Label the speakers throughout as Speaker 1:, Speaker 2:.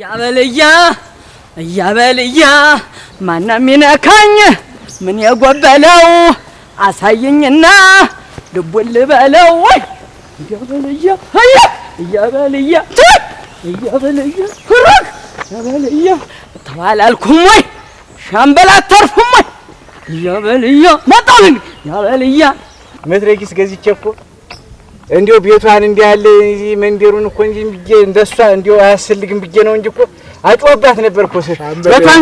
Speaker 1: እያበልያ እያበልያ ማንም ይነካኝ ምን የጎበለው አሳየኝና ልቡን ልበለው ወይ እያበልያ እያበልያ እያበልያ ሁራክ እያበልያ ተባላልኩም ወይ ሻምበል አተርፉም ወይ እያበልያ መጣሁ እያበልያ
Speaker 2: መትረጊስ ገዝቼ እኮ እንዲው ቤቷን እንዲህ ያለ መንደሩን እኮ እንጂ ብዬ እንደሷ እንዲው አያስፈልግም ብዬ ነው እንጂ እኮ አጮባት ነበር እኮ ስር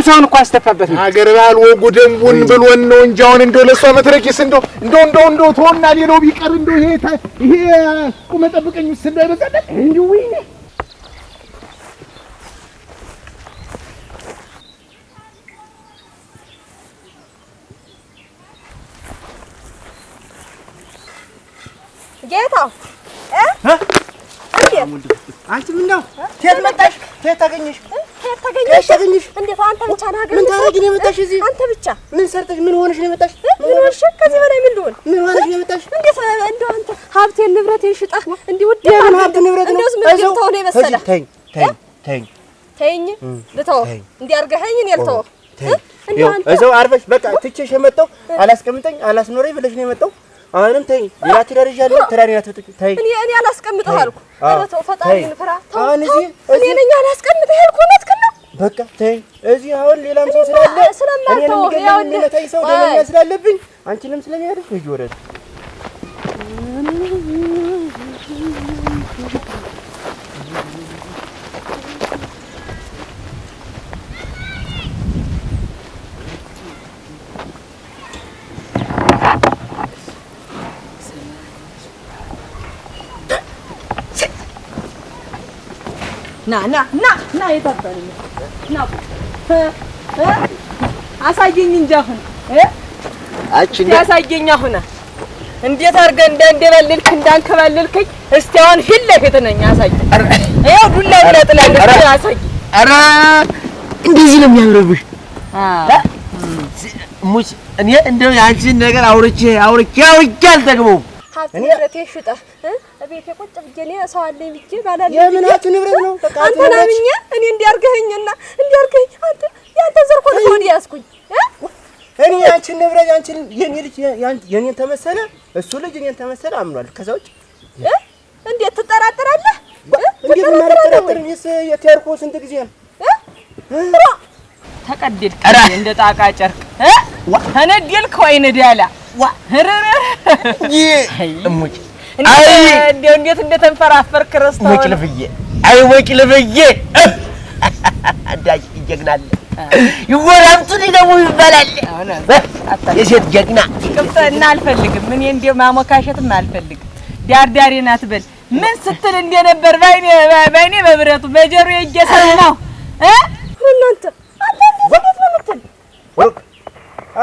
Speaker 2: ሰውን እኮ አስተፋበት ነው። አገር ባል ወጉ ደንቡን ብሎን ነው እንጂ አሁን እንደው ለእሷ መትረቂስ እንደው እንደው እንደው እንደው ተወና ሌላው ቢቀር እንደው ይሄ ይሄ ቁመጠብቀኝ ጠብቀኝ ውስጥ እንደው አይበዛለት እንዲው ጌታ አንቺ ምን ነው? ቴት መጣሽ? ቴት ታገኘሽ?
Speaker 1: ቴት ታገኘሽ? ታገኘሽ? እንዴት አንተ ብቻ ነህ?
Speaker 2: ምን ታረጊ ነው የመጣሽ እዚህ? አንተ ብቻ ምን ሰርተሽ ምን ሆነሽ ነው የመጣሽ?
Speaker 1: ምን ሆነሽ? ከዚህ በላይ ምን ልሆን?
Speaker 2: ምን ሆነሽ ነው የመጣሽ?
Speaker 1: እንዴት እንደው አንተ ሀብቴን ንብረቴን ሽጠህ እንዲህ ውድ
Speaker 2: የምን ሀብት ንብረት
Speaker 1: ነው? እንደው ምን ተው ነው የመሰለ?
Speaker 2: ተይኝ፣ ተይኝ፣ ተይኝ፣
Speaker 1: ተይኝ፣ ልተው እንዲህ አድርገኸኝ እኔ ልተው
Speaker 2: እዛው አርፈሽ በቃ ትቼሽ የመጣው አላስቀምጠኝ አላስኖረኝ ብለሽ ነው የመጣው አሁንም ተይ፣ ሌላ ትዳር ይዣለሁ። ትዳር ያት ተጥቂ ተይ። እኔ
Speaker 1: እኔ አላስቀምጥህ አልኩ። ኧረ ተው ፈጣሪን ፍራ። አሁን እዚህ እዚህ እኔ አላስቀምጥህ አልኩ። እውነትህን ነው።
Speaker 2: በቃ ተይ። እዚህ አሁን ሌላም ሰው ስላለ እኔንም ያው እኔ ተይ ሰው ደግሞ ስላለብኝ አንቺንም ስለሚያደርግ ልጅ ወረድ
Speaker 1: ና ና ና ና የታባል ና አሳየኝ እንጂ አሁን አቺ እንደ አሳየኝ አሁን እንዴት አድርገህ እንዳንደበልልክ እንዳንከባልልከኝ እስቲ አሁን ፊት ለፊት ነኝ አሳየኝ። ይኸው ዱላ ብለህ ጥላለህ። አሳየኝ።
Speaker 2: ኧረ እንደዚህ ነው የሚያምርብሽ። ሙች እኔ እንደው የአንቺን ነገር አውርቼ አውርቼ አውርቼ አልጠግበውም
Speaker 1: ንብረት ሽጠህ እቤቴ ቁጭ ብዬሽ እኔ ሰው አለኝ ብዬሽ ያዝኩኝ።
Speaker 2: እኔ ያንቺን ንብረት ያንቺን የኔ ልጅ የኔን ተመሰለ እሱ ልጅ እኔን ተመሰለ አምኗል። ከዛ ውጭ
Speaker 1: እንዴት ትጠራጠራለህ?
Speaker 2: እንዴት ማጠራጠር? እኔስ የት ስንት ጊዜ
Speaker 1: ነው ተቀደድክ እንደ ጣቃ ጨርቅ ተነደልክ ወይ ነዳላ እንዴት እንደተንፈራፈርክ ረስተው
Speaker 2: ወጭልፍዬ አይ ወጭልፍዬ እንዳሽ ጀግናለ ይወራምቱን ይለሙ ይባላል። የሴት ጀግና
Speaker 1: ቅብጥና አልፈልግም። እኔ እንደ ማሞካሸትም አልፈልግም። ዳርዳሪ ናት በል ምን ስትል እንደነበር ባይኔ ባይኔ በብረቱ በጀሮ የጀሰረ ነው እ ሁሉ አንተ አንተ እንዴት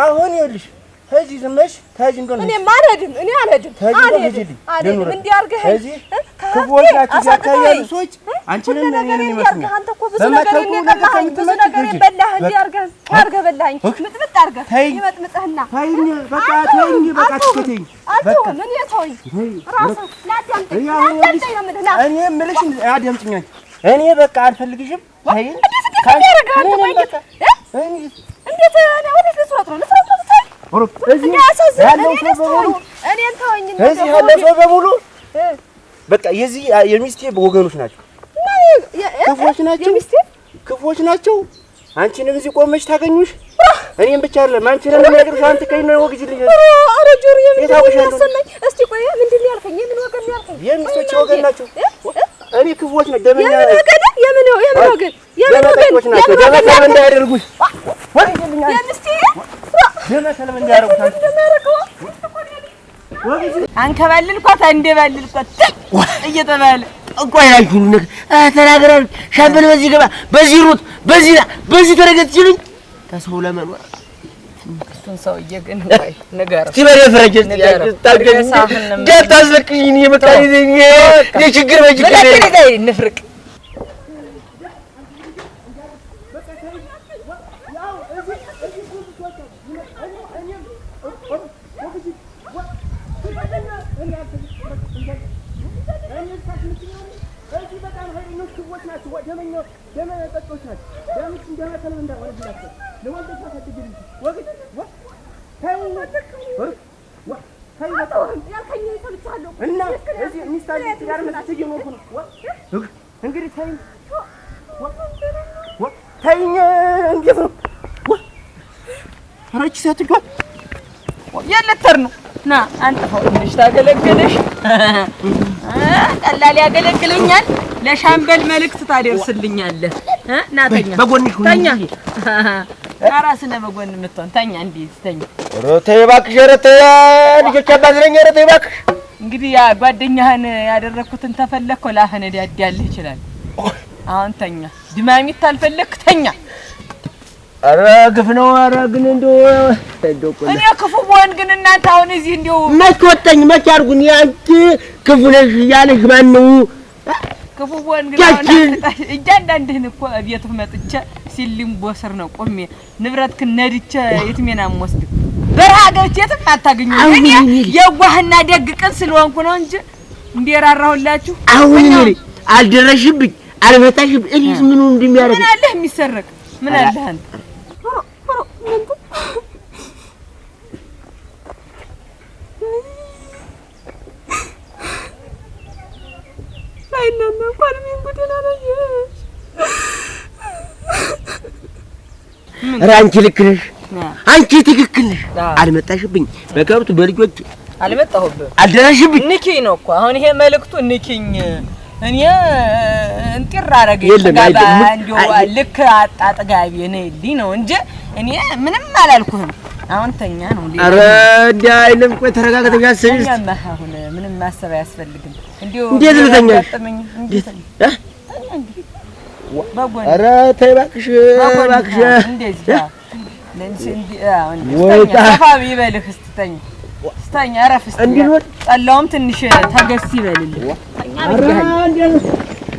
Speaker 2: አሁን ይኸውልሽ ሂጂ ዝም ብለሽ እንደሆነ
Speaker 1: እኔማ አልሄድም። እኔ አልሄድም አልሄድም አልሄድም። ሂጂ
Speaker 2: ሰዎች አንቺንም እኔን
Speaker 1: ይመስሉኛል። አንተ እኮ ብዙ ነገር የቀማኸኝ ብዙ ነገር የበላህ እንዲህ
Speaker 2: እኔ በቃ አልፈልግሽም።
Speaker 1: እንዴት ነው? እዚህ ያለ
Speaker 2: ሰው በሙሉ በቃ የዚህ የሚስቴ ወገኖች ናቸው፣ ክፎች ናቸው፣ ክፎች ናቸው። አንቺንም እዚህ ቆመች ታገኙሽ። እኔም ብቻ አይደለም አንቺ ነው አንተ ነው ጆሮ ቆይ፣
Speaker 1: ምንድን ነው ያልከኝ? የምን ወገን ነው ያልከኝ?
Speaker 2: የሚስቶች ወገን ናቸው። እኔ ክፎች ነው
Speaker 1: ደመኛ የምን ወገን የምን ወገን
Speaker 2: የምን ወገን ደመኛ እንዳያደርጉሽ
Speaker 1: ወይ የሚስቴ ደመተልም አንከባልልኳት አንደባልልኳት እየተባለ
Speaker 2: ቆይ ያልኩሉ ተናገራል። ሻምበል በዚህ ገባ፣ በዚህ ሩጥ፣ በዚህ በዚህ ተረገጥ ሲሉኝ ተሰው ለመኖር
Speaker 1: እሱን ሰውዬ ግን ቆይ ንገረው እስኪ
Speaker 2: በሬ ፍረጅ እስኪ ታገኝ እንዳታስለቅኝ የመጣ የችግር
Speaker 1: በችግር ንፍርቅ ነው አንጥፈው ትንሽ ቀላል ያገለግለኛል። ለሻምበል መልእክት ታደርስልኛለህ። ናተኛ በጎን ተኛ። ራስህ እንግዲህ ያ ጓደኛህን ያደረግኩትን ተፈለግ እኮ ላህን ይችላል። አሁን ተኛ። ድማሚት አልፈለግክ ተኛ።
Speaker 2: ኧረ ግፍ ነው። ኧረ ግን እንደው
Speaker 1: እኔ ክፉ ብሆን ግን እናንተ አሁን እዚህ እንደው
Speaker 2: መቼ ወጣኝ መቼ አድርጉን። አንቺ ክፉ ነሽ እያለሽ ማነው ክፉውን ግን
Speaker 1: እያንዳንድህን እኮ ቤትህ መጥቼ ሲሊም ቦስር ነው ቆሜ ንብረትክን ነድቼ የትሜን አምወስድ በረሃ ገብቼ የትም አታገኙም። እኔ የዋህና ደግ ቅን ስለሆንኩ ነው እንጂ እንዲራራሁላችሁ
Speaker 2: አሁን እኔ አልደረሽብኝ አልመታሽብኝ እኔ ምኑ እንደሚያደርግ
Speaker 1: ምን አለህ የሚሰረቅ ምን አለህ አንተ አይናና እንኳን ምን ጉድና ነሽ?
Speaker 2: ኧረ አንቺ ልክ ነሽ፣ አንቺ ትክክል ነሽ። አልመጣሽብኝ በከብቱ በልጆች አልመጣሁብ አልደረሽብኝ።
Speaker 1: ንኪኝ ነው እኮ አሁን ይሄ መልእክቱ፣ ንኪኝ እኔ እንጢር አደረገኝ። ልክ አጣጥጋቢ ነይልኝ ነው እንጂ እኔ ምንም አላልኩህም። አሁን ተኛ ነው።
Speaker 2: ኧረ እንዲህ አይልም። ቆይ ተረጋጋ፣ ተኛ ስልሽ
Speaker 1: አሁን ምንም ማሰብ አያስፈልግም። እንዴት
Speaker 2: ልተኛ? ኧረ ተይ እባክሽ፣
Speaker 1: እባክሽ ይበልህ። ስተኛ ስተኛ፣ እረፍ። ጠላውም ትንሽ ተገስ ይበልልህ።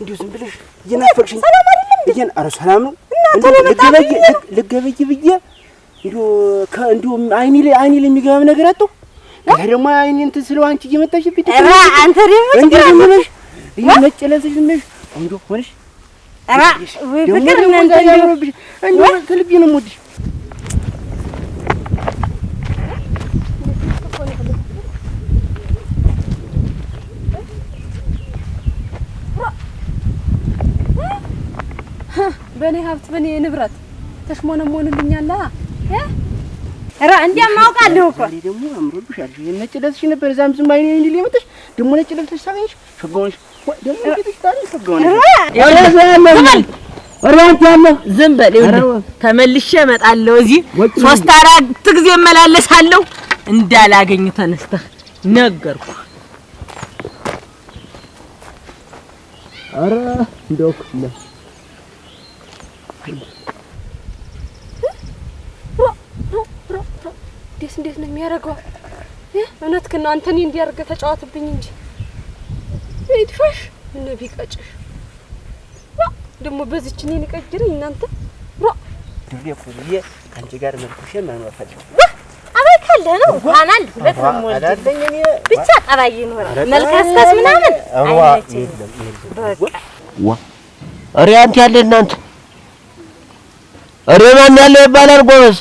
Speaker 2: እንዲሁ ዝም ብለሽ እየናፈቅሽኝ እየን ሰላም ነው ልገበይ ብዬ እንዲሁ አይኔ ላይ አይኔ ላይ የሚገባም ነገር አጣሁ። ከዛ ደግሞ አይኔ እንትን ስለው አንቺ እየመጣሽብኝ
Speaker 1: አንተ ደግሞ እንዲሁ ዝም ብለሽ
Speaker 2: ነጭ ለብሰሽ ዝም ብለሽ እንዲሁ ሆነሽ
Speaker 1: ፍቅር
Speaker 2: እንዲሁ ከልቤ ነው የምወድሽ
Speaker 1: በእኔ ሀብት በእኔ ንብረት ተሽሞነሞንልኛላ። ኧረ እንዲያማ አውቃለሁ እኮ
Speaker 2: ደግሞ አምሮብሻል። ነጭ ለብስሽ ነበር እዛም ዝም አይኔ እንዲል የመጣሽ ደግሞ ነጭ ለብስሽ ሳገኝሽ ሸጋውንሽ
Speaker 1: ዝም በል ተመልሼ እመጣለሁ። እዚህ ሶስት አራት ጊዜ እመላለሳለሁ። እንዳላገኝ ተነስተህ ነገርኩ።
Speaker 2: ኧረ እንደው አልኩኝ።
Speaker 1: እንዴት እንዴት ነው የሚያደርገው? እውነት ግን አንተ እኔ እንዲያደርገህ ተጫወትብኝ እንጂ ቢቀጭሽ ደግሞ በዚች እናንተ
Speaker 2: ከአንቺ ጋር መልኩሽ መኖር
Speaker 1: ካለ ነው ሁለት ነው ብቻ ጠባይ ይኖራል። ምናምን
Speaker 2: ሪያንት ያለ እናንተ እሬ ማን ያለው ይባላል ጎበዝ።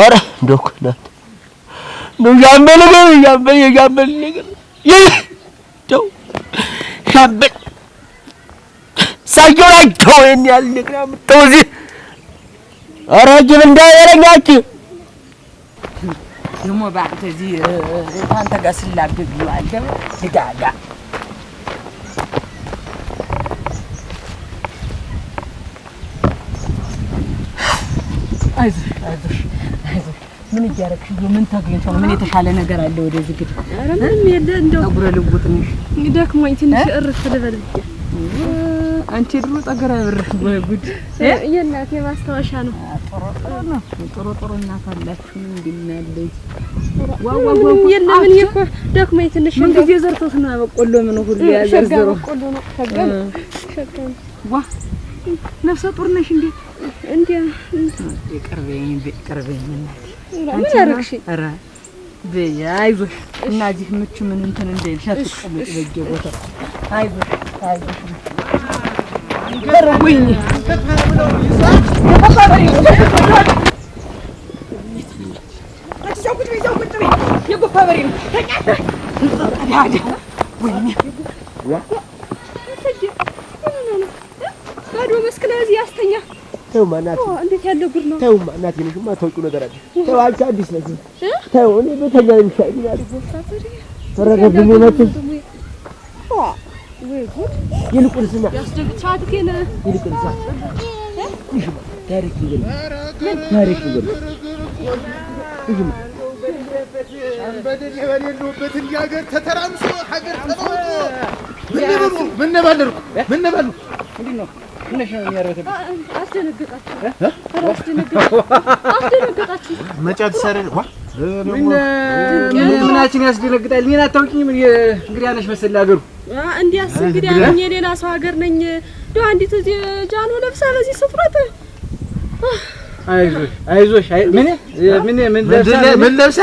Speaker 2: ኧረ እንደው እኮ ናት እንደው ሻምበል ግን ነገር ይህ እንደው ሻምበል እሳቸው ናቸው ይሄን ያህል ነገር አምጥተው እዚህ። ኧረ ጅብ እንዳይረኛች
Speaker 1: ደግሞ በአንተ እዚህ አንተ ጋር ስላብብ ይዋል ደጋጋ ምን እያደረግሽ ነው? ምን ተገኝቶ ነው? ምን የተሻለ ነገር አለ? ወደዚህ ግድ ምንም የለ።
Speaker 2: እንደው ፀጉረ ልቡ ትንሽ
Speaker 1: ደክሞኝ ትንሽ እርፍ ልበል። አንቺ ድሮ ጠገራ ብርሽ ጉድ የእናቴ ማስታወሻ ነው። ጥሩ ጥሩ ነው። ጥሩ ጥሩ እናት አላችሁ እንድናለኝ የለምን እኮ ደክሞኝ ትንሽ ምን ጊዜ ዘርቶት ነው በቆሎ ምን ሁሉ ያዘርዘሩ በቆሎ ነው። ዋ ነፍሰ ጡር ነሽ እንዴ? እንዲያ ይቅርበኝ ይቅርበኝ። ምን ምቹ ምን እንትን እንዳይልሽ አትቀመጪ ቦታ። አይዞሽ አይዞሽ። የጎፋ ተይውማ እናቴ፣ እንዴት ያለ ጉድ ነው!
Speaker 2: ተይውማ እናቴ፣ እኔ የማታውቂው ነገር አለ። ተይው አንቺ አዲስ ነሽ። ተይው እኔ በተኛ ነው የሚሻለኝ። ተረገብኝ መቼም። ይልቁንስ እና
Speaker 1: ይልቁንስ ይሽማ ታሪክ ይበል
Speaker 2: ታሪክ ይበል ይሽማ አንበደል የበሌለበት እንዲህ ሀገር ተተራምሶ ሀገር ተለውጦ ምን ነበር ምን ነበር ምን ነበር ምንድን ነው ትንሽ ነው የሚያረግብ።
Speaker 1: አስደነገጣችሁ።
Speaker 2: ምናችን ያስደነግጣል። እኔን አታውቂኝም። እንግዲህ አነሽ መሰለህ ሀገሩ
Speaker 1: እንዲያስ እንግዲህ አለኝ የሌላ ሰው ሀገር ነኝ። እንደው አንዲት እዚህ ጃኖ ለብሳ በዚህ ስፍረት
Speaker 2: አይዞሽ አይዞሽ ምን ምን ምን ለብሳ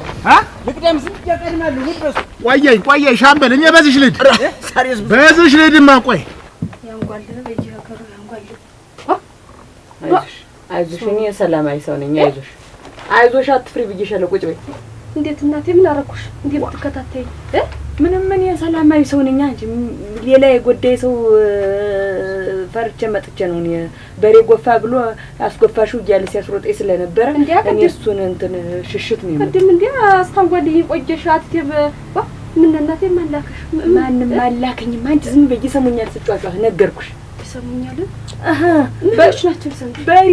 Speaker 2: ልቅደም ዝም ብዬ እቀድማለሁ። ቆየኝ ቆየኝ ሻምበል እኔ በዚህ ልሂድ በዚህ ልሂድማ ቆይ
Speaker 1: አይዞሽ እኔ ሰላማዊ ሰው ነኝ። አይዞሽ አይዞሽ አትፍሪ ቁጭ በይ። እንዴት እናቴ ምን አደረኩሽ? እንዴት ምንም ምን የሰላማዊ ሰው ነኝ እንጂ ሌላ የጎዳይ ሰው ፈርቼ መጥቼ ነው። እኔ በሬ ጎፋ ብሎ አስጎፋሹ እያለ ሲያስሮጠኝ ስለነበረ እኔ እሱን እንትን ሽሽት ነው። ቅድም እንደ አስታንጓዴ የቆየሽ አትቴ ምን እናቴ ማላከሽ ማንም አላከኝም። አንቺ ዝም በይ ሰሞኛል ስጫጫ ነገርኩሽ ይሰሙኛል። በሬ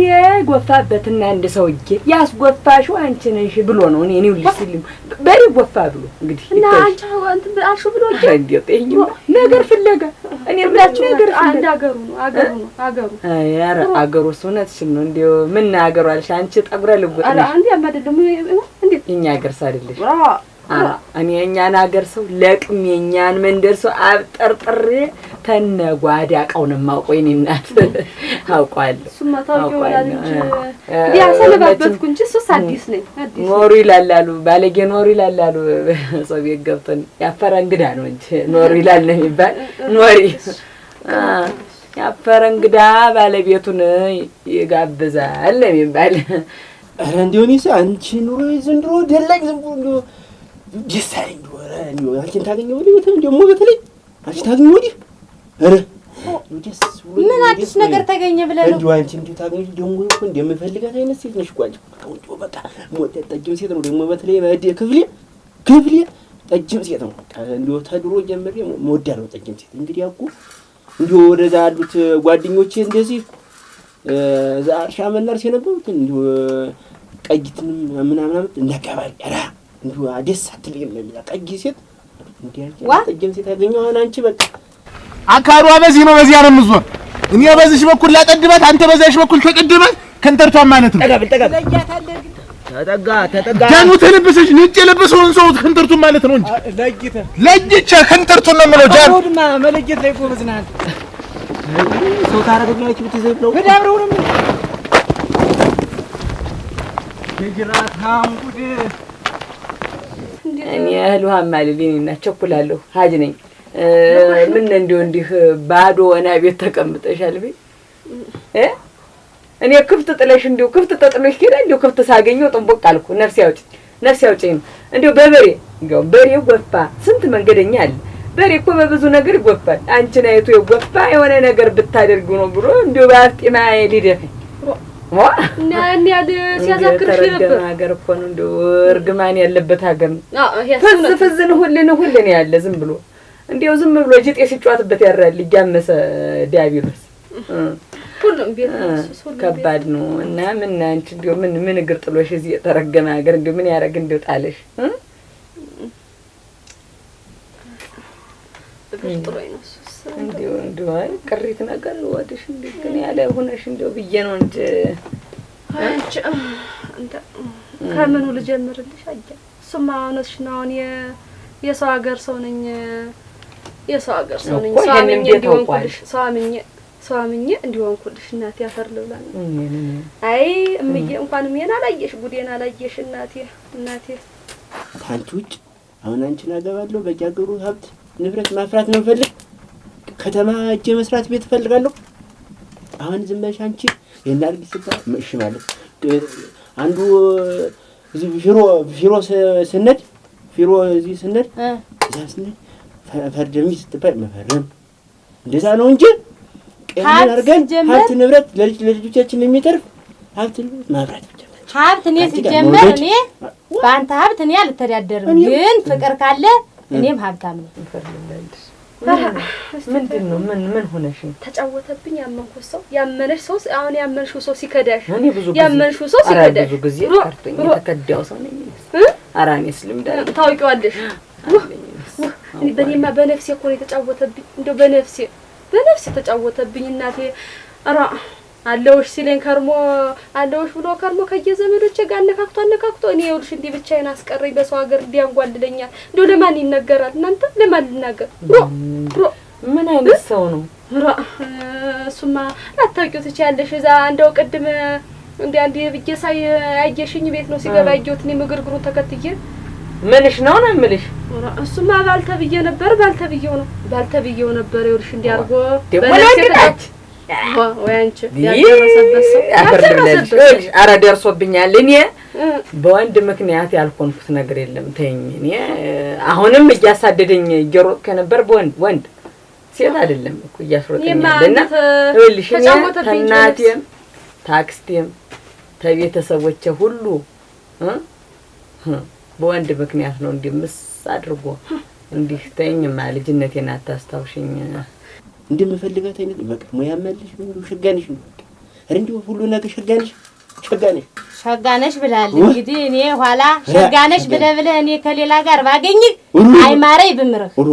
Speaker 1: ጎፋበትና አንድ ሰውዬ ያስጎፋሽው አንቺ ነሽ ብሎ ነው እኔ እኔው ልስልም በሬ ጎፋ ብሎ እንግዲህ እና አንቺ እንትን አልሽው ብሎ ነገር ፍለጋ እኔ ብላችሁ ነገር አንድ አገሩ ነው አገሩ ነው አገሩ ኧረ አገሩ እውነትሽን ነው። እንደው ምን አገሩ አልሽ አንቺ ጠጉረ ልጉጥ ነሽ። አንዴ አማደለም እንዴ እኛ አገር ሳይደለሽ እኔ የእኛን ሀገር ሰው ለቅም የእኛን መንደር ሰው አብጠርጥሬ ተነ ጓዳ እቃውን የማውቀው የእኔ እናት አውቀዋለሁ። እሱማ ታውቂው ሰለባበትኩ እንጂ እሱስ አዲስ ነኝ። ኖሩ ይላላሉ፣ ባለጌ ኖሩ ይላላሉ። ሰው ቤት ገብተን ያፈረ እንግዳ ነው እንጂ ኖሩ ይላል ነው የሚባል። ኖሪ ያፈረ እንግዳ ባለቤቱን ይጋብዛል ነው የሚባል።
Speaker 2: ኧረ እንደው እኔ አንቺ ኑሮ ዘንድሮ ደላቅ ዝም ብሎ ደስ አለኝ። ታገኘ ወዲህ
Speaker 1: ምን አዲስ ነገር ተገኘ
Speaker 2: ብለህ ነው? አንቺ እንዲሁ ታገኝ ደግሞ እኮ እንደምፈልጋት አይነት ሴት ነሽ እኮ አንቺ። ቆንጆ በቃ ጠጅም ሴት ነው ደግሞ በተለይ ክፍሌ ክፍሌ ጠጅም ሴት ነው። እንዲሁ ተድሮ ጀምሬ ጠጅም ሴት። እንግዲህ እንዲሁ ወደዛ ያሉት ጓደኞቼ እንደዚህ እዛ እርሻ እንዲሁ ቀይትንም ምናምናምት እናጋባል ራ እንዲሁ ደስ አትልም ነው የሚላት። ጠጊ ሴት እንዲያ ሴት ያገኘው አንቺ በቃ አካሯ በዚህ ነው በዚያ ነው የምዞር። እኔ በዚህ በኩል ላጠድበት፣ አንተ በዛሽ በኩል ተቀድመህ ከንተርቷን ማለት ነው።
Speaker 1: ተጠጋ ተጠጋ
Speaker 2: ደሙ ተለብሰሽ ነጭ የለበሰውን ሰው ከንተርቱን ማለት ነው እንጂ ለጊተ ከንተርቱን ነው የምለው።
Speaker 1: ጃን ወድማ መለጌት ላይ ጎበዝ ነህ ሰው ታረጋግላችሁ ብትዘብ ነው በዳብረው ነው የጅራት እኔ እህል ውሃ ማልቤ እና ቸኩላለሁ። ሀጅ ነኝ። ምን እንዲሁ እንዲህ ባዶ ወና ቤት ተቀምጠሻል ቤ እኔ ክፍት ጥለሽ እንዲሁ ክፍት ተጥሎሽ ኬዳ እንዲሁ ክፍት ሳገኘው ጥንቦቅ አልኩ። ነፍሴ አውጭ ነፍሴ አውጭኝ ነው እንዲሁ በበሬ እንዲያውም በሬው ጎፋ ስንት መንገደኛ አለ። በሬ እኮ በብዙ ነገር ይጎፋል። አንቺን አይቶ የጎፋ የሆነ ነገር ብታደርጊው ነው ብሎ እንዲሁ በአፍጢማ ሊደፈኝ ሀገር እኮ ነው እርግማን ያለበት ሀገር ነው። ፍዝ ሁልን ሁልን ያለ ዝም ብሎ እንዲያው ዝም ብሎ ጅጤ ሲጫወትበት እያመሰ ከባድ ነው። እና ምን አንቺ ምን ምን እግር ጥሎሽ እዚህ የተረገመ ሀገር እንደው ምን ያደርግ እንደው ጣለሽ እግር ጥሎኝ እንዲሁ እንዲሁ አይ ቅሪት ነገር ወድሽ እንዲህ ግን ያለ ሆነሽ እንዲሁ ብዬ ነው እንጂ አንቺ እንደ ከምኑ ልጀምርልሽ? እሱማ እውነትሽ ነው። አሁን የሰው ሀገር ሰው ነኝ፣ የሰው ሀገር ሰው ነኝ። ሰው አምኜ እንዲሆንኩልሽ ሰው አምኜ ሰው አምኜ እንዲሆንኩልሽ እናቴ አፈር ልብላ ነው። አይ እምዬ እንኳን ምን አላየሽ፣ ጉዴን አላየሽ እናቴ እናቴ።
Speaker 2: ከአንቺ ውጭ አሁን አንቺን አገባለሁ በቂ አገሩ ሀብት ንብረት ማፍራት ነው ፈልግ ከተማ እጄ መስራት ቤት እፈልጋለሁ። አሁን ዝም በልሽ አንቺ የናርግ ስታ እሺ ማለት አንዱ እዚህ ፊሮ ፊሮ ስነድ ፊሮ እዚህ ስነድ እዛ ስነድ ፈርደሚ ስትባይ መፈረም እንደዛ ነው እንጂ
Speaker 1: ቀን አርገን ሀብት ንብረት ለልጅ ለልጆቻችን የሚተርፍ ሀብት ማብራት ሀብት እኔ ሲጀመር እኔ በአንተ ሀብት እኔ አልተዳደርም፣ ግን ፍቅር ካለ እኔም ሀብታም ነው። ምንድን ነው? ምን ምን ሆነሽ ተጫወተብኝ። ያመንኩ ሰው ያመነሽ ሰው አሁን ያመንሽው ሰው ሲከዳሽ፣ ያመንሽው ሰው ሲከዳሽ፣ ብዙ ጊዜ ቀርቶኝ የተከዳው ሰው ነኝ። ኧረ እኔስ ልምድ አለኝ። ታውቂዋለሽ። በእኔማ በነፍሴ እኮ ነው የተጫወተብኝ። እንደው በነፍሴ በነፍሴ ተጫወተብኝ እናቴ ኧረ አለውሽ ሲለኝ ከርሞ አለውሽ ብሎ ከርሞ ከየዘመዶቼ ጋር አነካክቶ አነካክቶ እኔ ይኸውልሽ እንዲህ ብቻዬን አስቀረኝ። በሰው ሀገር እንዲያንጓልለኛል። እንደው ለማን ይነገራል? እናንተ ለማን ልናገር? ሮ ሮ ምን አይነት ሰው ነው? ሮ እሱማ ላታውቂው ትችያለሽ። እዛ እንደው ቅድም እንደ አንድ ብዬ ሳይ ያየሽኝ ቤት ነው ሲገባ ያየሁት እኔ ምግርግሩን ተከትዬ ምንሽ ነው ነው የምልሽ። እሱማ ባልተብዬ ነበር ባልተብዬው ነው ባልተብዬው ነበር። ይኸውልሽ እንዲያርጎ በለሽ ኧረ ደርሶብኛል። እኔ በወንድ ምክንያት ያልኮንኩት ነገር የለም። ተይኝ። እኔ አሁንም እያሳደደኝ እየሮጥኩ የነበር በወንድ ወንድ ሴት አይደለም እኮ እያስሮጠኛልና ይኸውልሽ ታክስቴም ተቤተሰቦቼ ሁሉ በወንድ ምክንያት ነው እንዲህ ምስ አድርጎ እንዲህ ተይኝማ፣ ልጅነቴን አታስታውሽኝ
Speaker 2: እንደምፈልጋት አይነት በቃ ሙያ መልሽ ሁሉ ሸጋነሽ ነው እንዴ? ሁሉ ነገር ሸጋነሽ ሸጋነሽ
Speaker 1: ሸጋነሽ ብላል። እንግዲህ እኔ ኋላ ሸጋነሽ ብለህ ብለህ እኔ ከሌላ ጋር ባገኝ አይማረኝ ብምርህ
Speaker 2: ሁሉ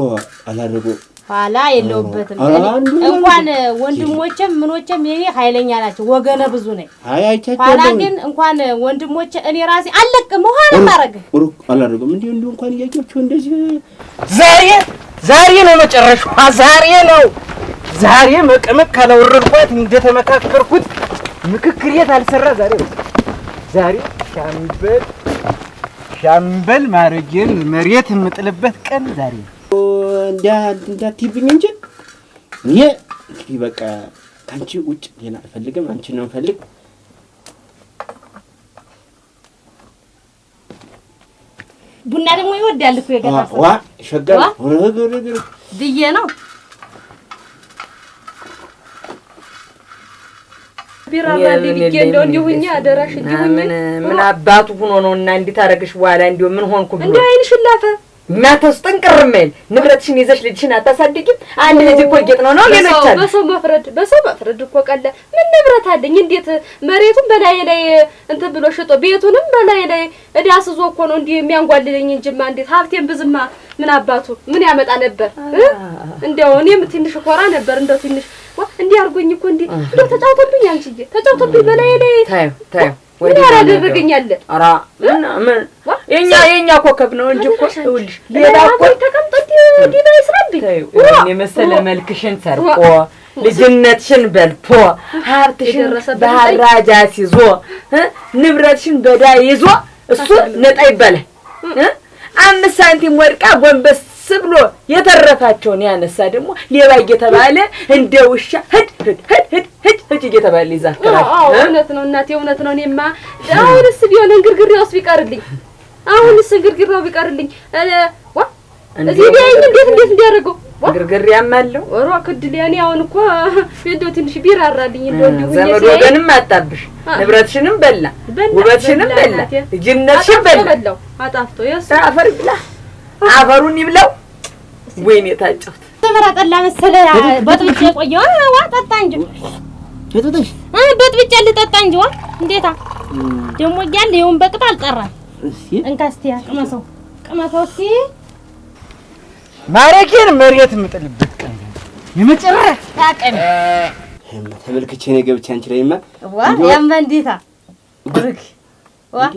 Speaker 2: አላረጎ
Speaker 1: ኋላ የለውበትም። እንኳን ወንድሞቼም ምኖቼም የኔ ኃይለኛ ናቸው፣ ወገነ ብዙ ነኝ። ኋላ ግን እንኳን ወንድሞቼ እኔ ራሴ አለቅም። ኋላ ማረግ
Speaker 2: አላረግም። እንዲ እንዲ እንኳን እያቄቸው እንደዚህ ዛሬ ዛሬ ነው መጨረሻ ዛሬ ነው ዛሬ መቀመጥ ካላወረድኳት እንደተመካከርኩት ምክክር የት አልሰራ ዛሬ ዛሬ ሻምበል ሻምበል ማረጌን መሬት የምጥልበት ቀን ዛሬ እንዳትይብኝ እንጂ እኔ እንግዲህ በቃ ከአንቺ ውጭ ሌላ አልፈልግም። አንቺን ነው ፈልግ
Speaker 1: ቡና ደግሞ ይወዳል እኮ
Speaker 2: የገባ ሸጋ ነው
Speaker 1: ነው ድራማ እንዲህ እንደው እንዲሁ እኛ አደራሽ ምን አባቱ ነው እና እንዲህ በኋላ እንዲሁ ምን ሆንኩ ብሎ እንዲህ አይንሽ ላፈ እናተስ ጥንቅር ንብረትሽን ይዘሽ ልጅሽን አታሳድጊም። አንድ ልጅ እኮ ጌጥ ነው ነው በሰው መፍረድ በሰው መፍረድ እኮ ምን ንብረት አለኝ? እንዴት መሬቱን በላይ ላይ እንትን ብሎ ሽጦ ቤቱንም በላይ ላይ እዳስዞ እኮ ነው እንዲህ እንዴት ሀብቴን ብዝማ ምን አባቱ ምን ያመጣ ነበር? እንዲያው እኔም ትንሽ ኮራ ነበር እንደው ትንሽ እንዲህ አድርጎኝ እኮ እንዲህ እንደው ተጫውቶብኝ፣ አንቺዬ ተጫውቶብኝ በላይ ላይ ታዩ ታዩ ምን ያደረገኛለ? አለ። ኧረ ምን የኛ የኛ ኮከብ ነው እንጂ እኮ ይኸውልሽ፣ ሌላ እኮ ተቀምጦ እንዲህ በይ ስራብኝ። ታዩ የመሰለ መልክሽን ሰርቆ ልጅነትሽን በልቶ ሀብትሽን በሀራጃ ሲዞ ንብረትሽን በዳ ይዞ እሱ ነጣ ይበለ አምስት ሳንቲም ወድቃ ጎንበስ ቀስ ብሎ የተረፋቸውን ያነሳ ደግሞ ሌባ እየተባለ እንደ ውሻ ህድ ህድ ህድ ህድ ህድ ህድ እየተባለ ይዛል። እውነት ነው እናቴ፣ እውነት ነው። እኔማ አሁንስ ቢሆን እንግርግሬውስ ቢቀርልኝ፣ አሁንስ እንግርግሬው ቢቀርልኝ ዋ እዚህ ቢያይኝ እንዴት እንዴት እንዲያደርገው ግርግር ያማለው ሮ ክድል ያኔ አሁን እኮ እንደው ትንሽ ቢራራልኝ እንደው እንደው ዘመድ ወገንም አጣብሽ፣ ንብረትሽንም በላ፣ ውበትሽንም በላ፣ ጅነትሽን በላ። አጣፍቶ ያስ አፈር ብላ አበሩን ይብለው። ወይኔ የታጨሁት ተመራ ጠላ መሰለ በጥብጭ የቆየው ዋ ጠጣ እንጂ በጥብጭ በጥብጬ ልጠጣ እንጂ ዋ እንዴታ ደግሞ እያለ ይሁን በቅጥ አልጠራም። እንካ እስኪ ቅመሰው ቅመሰው እስኪ ማረጌን መሬት የምጥልበት ቀን የመጨረሻ ቀን
Speaker 2: ተመልክቼ ነው ገብቼ አንቺ ላይማ
Speaker 1: ያማ እንዴታ ብርግ ዋ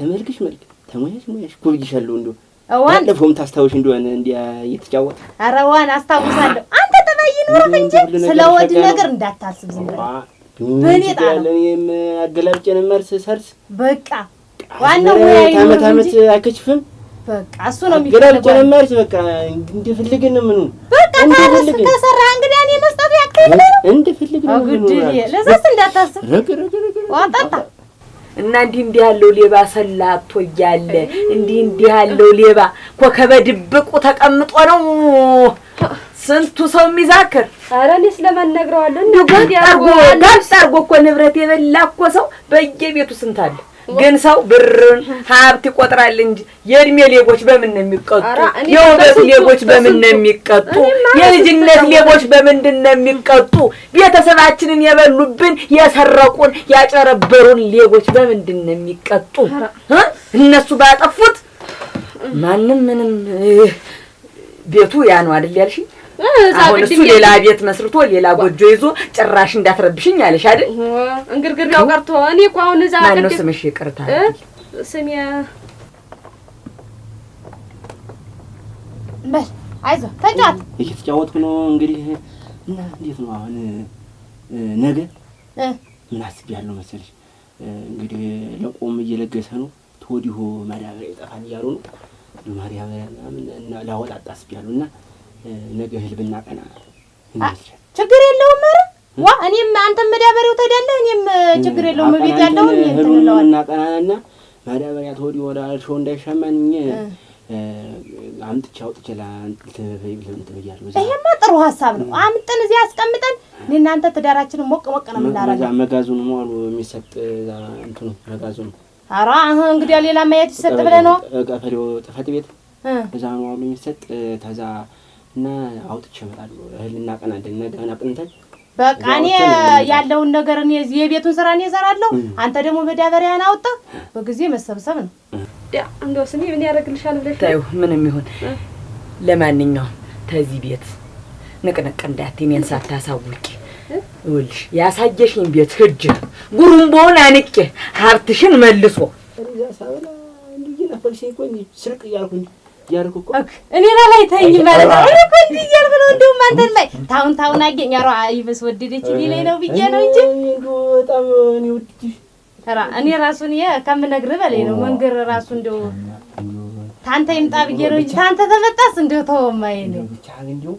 Speaker 2: ተመልክሽ መልክ ተሞያሽ ሞያሽ ጎብጊሻለሁ እንደው እዋን ባለፈውም ታስታውሽ እንደሆነ እንዲያ እየተጫወተ
Speaker 1: ኧረ እዋን አስታውሳለሁ። አንተ ጠባይ ይኑርህ እንጂ ስለ ወድ ነገር እንዳታስብ ዝም ብለህ በእኔ ጣለው። እኔም አገላብጬ ሰርስ በቃ ዋናው
Speaker 2: ሙያዬ ነው። አመት አመት አከችፍም በቃ እሱ ነው የሚፈልገው። አገላብጬ ነው የማርስ በቃ እንደፈለግን ነው
Speaker 1: የምንሆን። በቃ ታርስ ከሰራህ እንግዲህ እኔ መስጠት ያክል ነው እንደፈለግን ነው የምንሆን። ለዛስ እንዳታስብ ረግ ረግ ረግ ዋጣጣ እና እንዲህ እንዲህ ያለው ሌባ ሰላቶ እያለ እንዲህ እንዲህ ያለው ሌባ ኮከበ ድብቁ ተቀምጦ ነው ስንቱ ሰው የሚዛክር። ኧረ እኔስ ለማን ነግረዋለሁ? እንደው ጋጥ አድርጎ ጋጥ እኮ ንብረት የበላ እኮ ሰው በየቤቱ ስንት አለ። ግን ሰው ብርን ሀብት ይቆጥራል እንጂ የእድሜ ሌቦች በምን ነው የሚቀጡ? የውበት ሌቦች በምን ነው የሚቀጡ? የልጅነት ሌቦች በምንድን ነው የሚቀጡ? ቤተሰባችንን የበሉብን፣ የሰረቁን፣ ያጨረበሩን ሌቦች በምንድን ነው የሚቀጡ? እነሱ ባጠፉት ማንም ምንም ቤቱ ያ ነው አይደል ያልሽኝ? አሁን እሱ ሌላ ቤት መስርቶ ሌላ ጎጆ ይዞ ጭራሽ እንዳትረብሽኝ አለሽ አይደል? እንግርግሪያው ቀርቶ እኔ እኮ አሁን እዛ ማነው ስምሽ? ይቅርታ ስሜ በል አይዞህ ተጫወት።
Speaker 2: እየተጫወትኩ ነው እንግዲህ። እና እንዴት ነው አሁን ነገ ምን አስቤያለሁ መሰለሽ? እንግዲህ ለቆም እየለገሰ ነው ተወዲሁ ማዳበሪያ ይጠፋል እያሉ ነው ማዳበሪያ ላወጣጣ አስቤያለሁ እና ነገ እህል ብናቀና
Speaker 1: ችግር የለውም። ኧረ ዋ እኔም አንተም መዳበሪያው ተዳለህ እኔም ችግር የለውም። ቤት ያለውን እናቀናና
Speaker 2: ማዳበሪያ ተወዲ ወደ አልሾ እንዳይሻማኝ አምጥቼ አውጥቼ
Speaker 1: ትብያለሁ። ይሄማ ጥሩ ሀሳብ ነው። አምጥን እዚህ አስቀምጠን እናንተ ትዳራችንን ሞቅ ሞቅ ነው የምናረገው። መጋዙን መሆኑ
Speaker 2: የሚሰጥ እንትኑ
Speaker 1: መጋዙን ኧረ እንግዲያ ሌላ ማየት ይሰጥ ብለህ ነው። ቀፈሪው ጥፈት ቤት
Speaker 2: እዛ ነው የሚሰጥ ተዛ እና አውጥቼ እመጣለሁ። እህል እናቀናለን፣ እህል አቅንተን
Speaker 1: በቃ እኔ ያለውን ነገር እኔ የቤቱን ስራ እኔ እሰራለሁ። አንተ ደግሞ መዳበሪያን አውጥተህ በጊዜ መሰብሰብ ነው። እንደው ስሚ ምን ያደርግልሻል ብለሽ ታዩ። ምንም ይሁን ለማንኛውም ተዚህ ቤት ንቅንቅ እንዳት እኔን ሳታሳውቂ ይኸውልሽ፣ ያሳየሽኝ ቤት ሂጅ ጉሩምቦውን አንቄ ሀብትሽን መልሶ
Speaker 2: ስርቅ እያልኩ ያልኩ እኮ
Speaker 1: እኔ በላይ ማለት ነው እኮ እንዲህ እያልኩ ነው። እንደውም አንተን ላይ አገኝ ይበስ ወደደች ሊለኝ ነው ብዬ ነው እንጂ በጣም እኔ ተራ እኔ ራሱን ከምነግርህ በላይ ነው። መንገር ራሱ እንደው ታንተ ይምጣ ብዬ ነው እንጂ ታንተ ተመጣስ እንደው ተወማ ይሄ ብቻ እንደው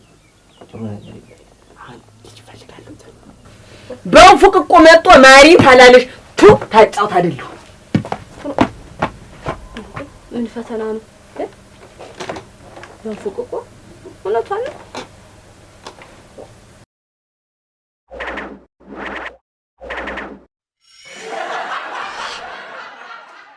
Speaker 1: ጥሩ ነገር እኮ መጥቶ ማሪ ታላለሽ ቱ ታጫውት አይደለሁ ምን ፈተና ነው 洋服こここの棚